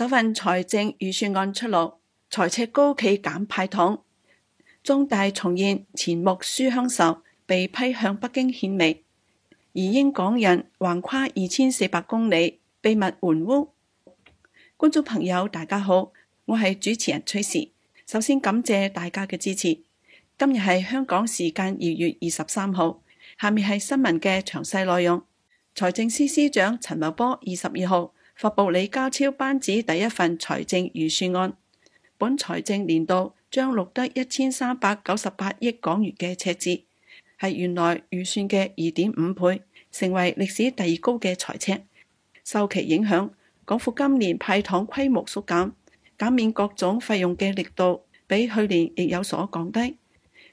首份財政預算案出爐，財赤高企減派糖，中大重現錢穆抒鄉愁被批向北京獻媚，移英港人橫跨二千四百公里秘密換屋。觀眾朋友，大家好，我係主持人崔氏，首先感謝大家嘅支持。今日係香港時間二月二十三號，下面係新聞嘅詳細內容。財政司司，司長陳茂波二十二號發布李家超班子第一份財政預算案，本財政年度將錄得一千三百九十八億港元嘅赤字，係原來預算嘅二點五倍，成為歷史第二高嘅財赤。受其影響，港府今年派糖規模縮減，減免各種費用嘅力度比去年亦有所降低。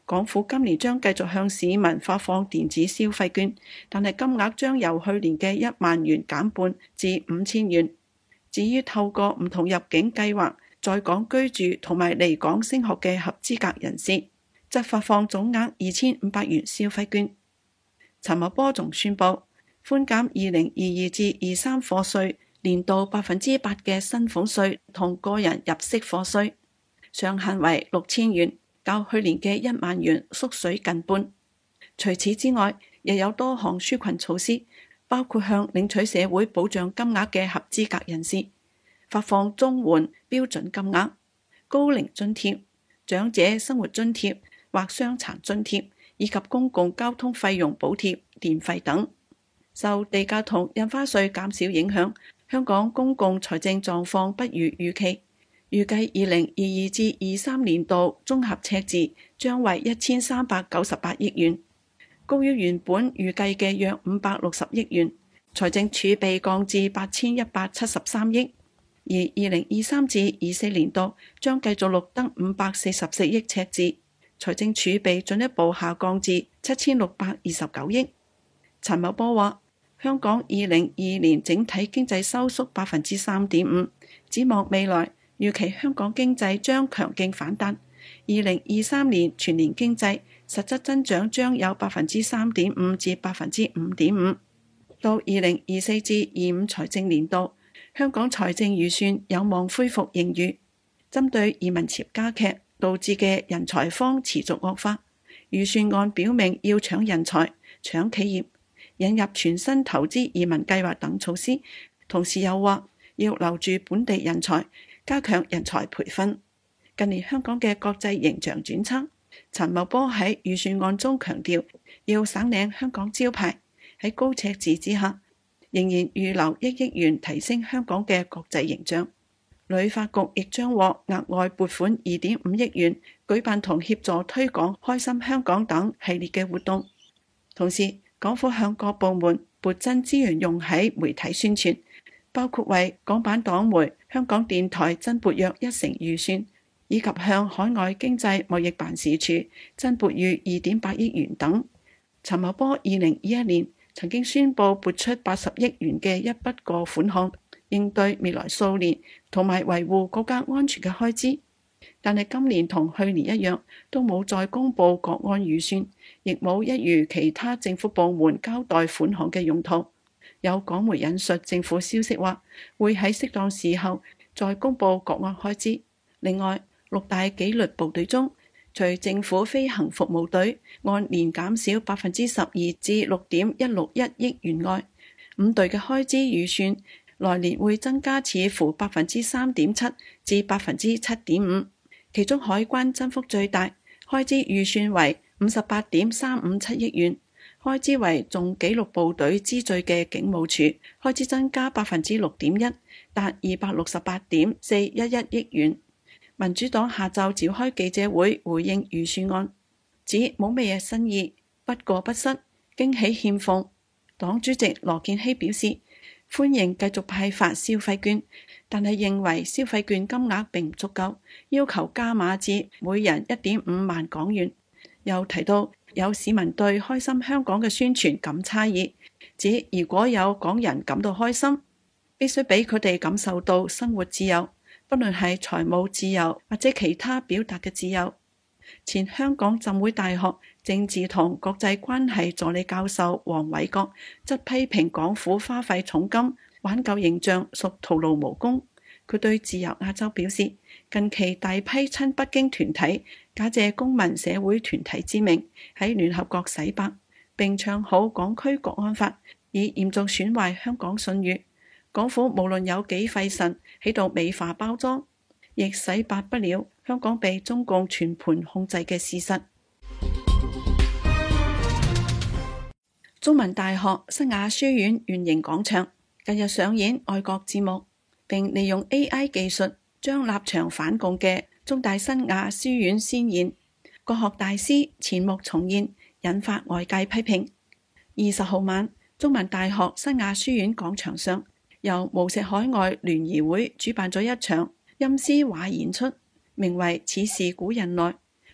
港府今年將繼續向市民發放電子消費券，但係金額將由去年嘅一萬元減半至五千元。至於透過唔同入境計劃在港居住同埋嚟港升學嘅合資格人士，則發放總額二千五百元消費券。陳茂波仲宣布，寬減二零二二至二三課稅年度百分之八嘅薪俸稅同個人入息課稅，上限為六千元。較去年嘅一萬元縮水近半。除此之外，亦有多項紓困措施，包括向領取社會保障金額嘅合資格人士發放綜援標準金額、高齡津貼、長者生活津貼或傷殘津貼，以及公共交通費用補貼、電費等。受地價同印花稅減少影響，香港公共財政狀況不如預期。預計二零二二至二三年度綜合赤字將為一千三百九十八億元，高於原本預計嘅約五百六十億元。財政儲備降至八千一百七十三億，而二零二三至二四年度將繼續錄得五百四十四億赤字，財政儲備進一步下降至七千六百二十九億。陳茂波話：香港二零二二年整體經濟收縮百分之三點五，展望未來。預期香港經濟將強勁反彈，二零二三年全年經濟實質增長將有百分之三點五至百分之五點五。到二零二四至二五財政年度，香港財政預算有望恢復盈餘。針對移民潮加劇導致嘅人才荒持續惡化，預算案表明要搶人才、搶企業，引入全新投資移民計劃等措施，同時又話要留住本地人才。加強人才培訓。近年香港嘅國際形象轉差，陳茂波喺預算案中強調，要省領香港招牌。喺高赤字之下，仍然預留一億元提升香港嘅國際形象。旅發局亦將獲額外撥款二點五億元，舉辦同協助推廣《開心香港》等系列嘅活動。同時，港府向各部門撥增資源用喺媒體宣傳。包括為港版黨媒、香港電台增撥約一成預算，以及向海外經濟貿易辦事處增撥逾二點八億元等。陳茂波二零二一年曾經宣布撥出八十億元嘅一筆過款項，應對未來數年同埋維護國家安全嘅開支，但係今年同去年一樣，都冇再公布國安預算，亦冇一如其他政府部門交代款項嘅用途。有港媒引述政府消息，話會喺適當時候再公布國安開支。另外，六大紀律部隊中，除政府飛行服務隊按年減少百分之十二至六點一六一億元外，五隊嘅開支預算來年會增加，似乎百分之三點七至百分之七點五，其中海關增幅最大，開支預算為五十八點三五七億元。開支為眾紀律部隊之最嘅警務處開支增加百分之六點一，達二百六十八點四一一億元。民主黨下晝召開記者會回應預算案，指冇咩嘢新意，不過不失驚喜欠奉。黨主席羅健熙表示歡迎繼續派發消費券，但係認為消費券金額並唔足夠，要求加碼至每人一點五萬港元。又提到。有市民對《開心香港》嘅宣傳感差異，指如果有港人感到開心，必須俾佢哋感受到生活自由，不論係財務自由或者其他表達嘅自由。前香港浸會大學政治同國際關係助理教授黃偉國則批評港府花費重金挽救形象，屬徒勞無功。佢對自由亞洲表示：近期大批親北京團體，假借公民社會團體之名喺聯合國洗白，並唱好港區國安法，以嚴重損壞香港信譽。港府無論有幾費神起到美化包裝，亦洗白不了香港被中共全盤控制嘅事實。 中文大學新亞書院圓形廣場近日上演愛國節目，並利用 A.I. 技術。將立場反共嘅中大新亞書院先演國學大師錢穆重現，引發外界批評。二十號晚，中文大學新亞書院廣場上，由無錫海外聯誼會主辦咗一場音詩畫演出，名為《此事古人來》。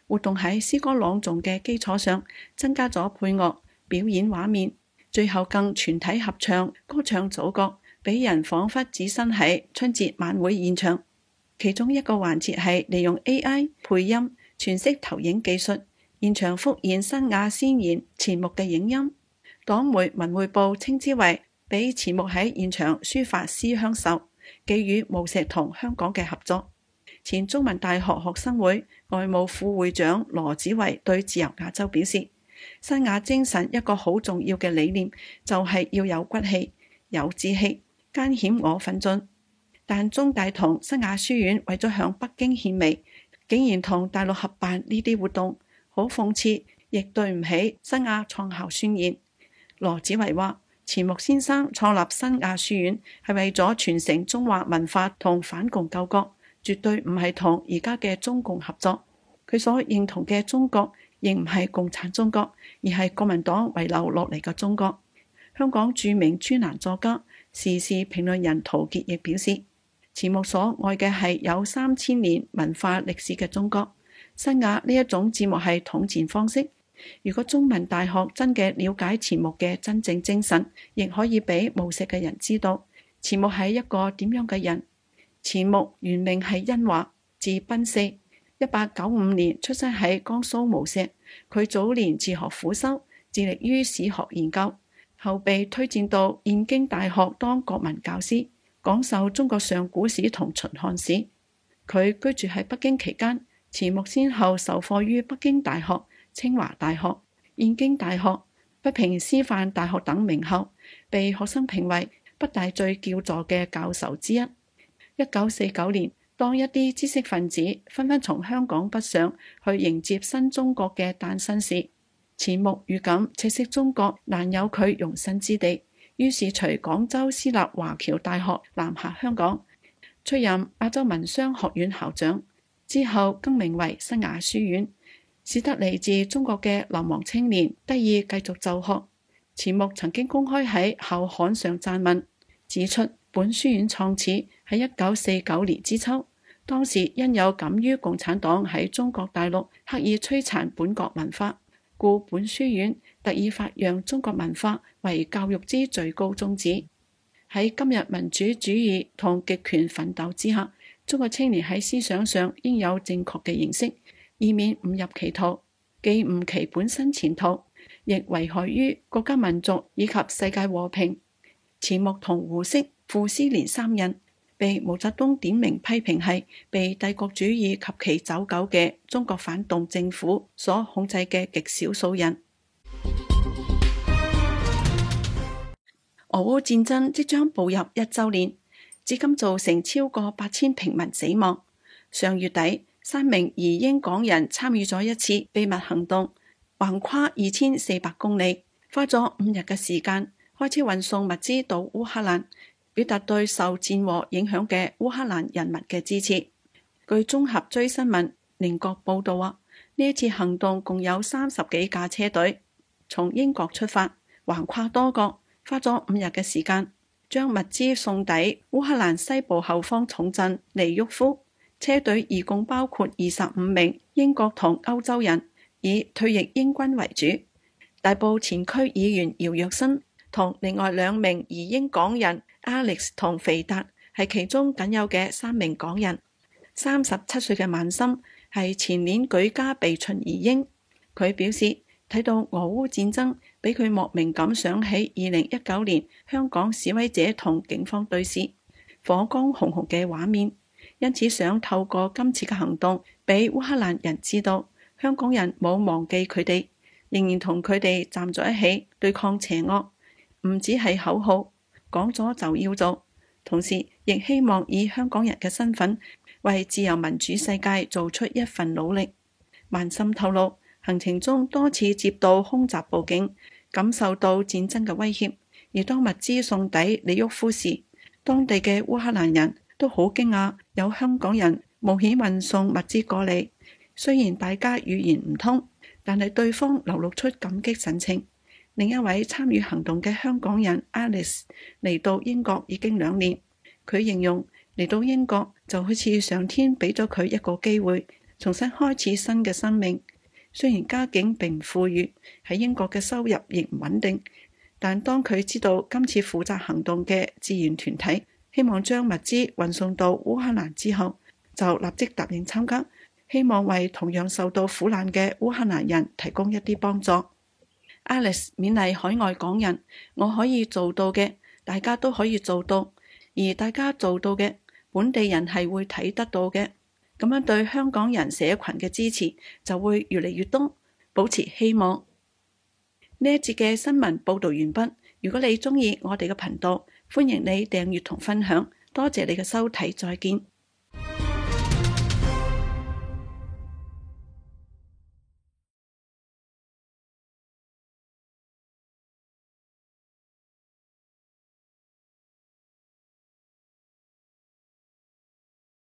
活動喺詩歌朗誦嘅基礎上增加咗配樂、表演畫面，最後更全體合唱歌唱祖國，俾人仿佛置身喺春節晚會現場。其中一個環節係利用 AI 配音、全息投影技術，現場復現新亞先賢錢穆嘅影音。黨媒《文匯報》稱之為俾錢穆喺現場抒發思鄉愁，寄予無錫同香港嘅合作。前中文大學學生會外務副會長羅子慧對自由亞洲表示：新亞精神一個好重要嘅理念就係要有骨氣、有志氣，艱險我奮進。但中大同新亞書院為咗向北京獻媚，竟然同大陸合辦呢啲活動，好諷刺，亦對唔起新亞創校宣言。羅子維話，錢穆先生創立新亞書院係為咗傳承中華文化同反共救國，絕對唔係同而家嘅中共合作。佢所認同嘅中國亦唔係共產中國，而係國民黨遺留落嚟嘅中國。香港著名專欄作家、時事評論人陶傑亦表示。錢穆所愛嘅係有三千年文化歷史嘅中國。新亞呢一種節目係統戰方式。如果中文大學真嘅了解錢穆嘅真正精神，亦可以俾無錫嘅人知道錢穆係一個點樣嘅人。錢穆原名係殷華，字賓四，一八九五年出生喺江蘇無錫。佢早年自學苦修，致力於史學研究，後被推薦到燕京大學當國文教師。講授中國上古史同秦漢史，佢居住喺北京期間，錢穆先後授課於北京大學、清華大學、燕京大學、北平師範大學等名校，被學生評為北大最叫座嘅教授之一。一九四九年，當一啲知識分子紛紛從香港北上去迎接新中國嘅誕生時，錢穆預感赤色中國難有佢容身之地。於是隨廣州私立華僑大學南下香港，出任亞洲文商學院校長，之後更名為新亞書院。使得嚟自中國嘅流亡青年得以繼續就學。錢穆曾經公開喺後刊上撰文，指出本書院創始喺一九四九年之秋，當時因有感於共產黨喺中國大陸刻意摧殘本國文化，故本書院，特意發揚中國文化，為教育之最高宗旨。喺今日民主主義同極權奮鬥之下，中國青年喺思想上應有正確嘅認識，以免誤入歧途，既誤其本身前途，亦危害於國家民族以及世界和平。錢穆同胡適、傅斯年三人被毛澤東點名批評，係被帝國主義及其走狗嘅中國反動政府所控制嘅極少數人。俄烏戰爭即將步入一周年，至今造成超過八千平民死亡。上月底，三名移英港人參與咗一次秘密行動，橫跨二千四百公里，花咗五日嘅時間開車運送物資到烏克蘭，表達對受戰禍影響嘅烏克蘭人民嘅支持。據綜合追新聞、寧國報道話，呢一次行動共有三十幾架車隊從英國出發，橫跨多國。花咗五日嘅時間，將物資送抵烏克蘭西部後方重鎮尼沃夫。車隊，一共包括二十五名英國同歐洲人，以退役英軍為主。大埔前區議員姚若新同另外兩名移英港人 Alex 同肥達，係其中僅有嘅三名港人。三十七歲嘅曼森，係前年舉家被秦移英，佢表示，睇到俄烏戰爭，俾佢莫名咁想起二零一九年香港示威者同警方對峙、火光紅紅嘅畫面，因此想透過今次嘅行動，俾烏克蘭人知道香港人冇忘記佢哋，仍然同佢哋站在一起對抗邪惡，唔止係口號，講咗就要做。同時亦希望以香港人嘅身份，為自由民主世界做出一份努力。萬心透露。行程中多次接到空襲報警，感受到戰爭嘅威脅。而當物資送抵李沃夫時，當地嘅烏克蘭人都好驚訝，有香港人冒險運送物資過嚟。雖然大家語言唔通，但係對方流露出感激神情。另一位參與行動嘅香港人 Alice 嚟到英國已經兩年，佢形容嚟到英國就好似上天俾咗佢一個機會，重新開始新嘅生命。雖然家境並唔富裕，喺英國嘅收入亦唔穩定，但當佢知道今次負責行動嘅志願團體希望將物資運送到烏克蘭之後，就立即答應參加，希望為同樣受到苦難嘅烏克蘭人提供一啲幫助。Alice 勉勵海外港人：「我可以做到嘅，大家都可以做到，而大家做到嘅，本地人係會睇得到嘅。」咁樣對香港人社群嘅支持就會越嚟越多，保持希望。呢一節嘅新聞報道完畢。如果你鍾意我哋嘅頻道，歡迎你訂閱同分享。多謝你嘅收睇，再見。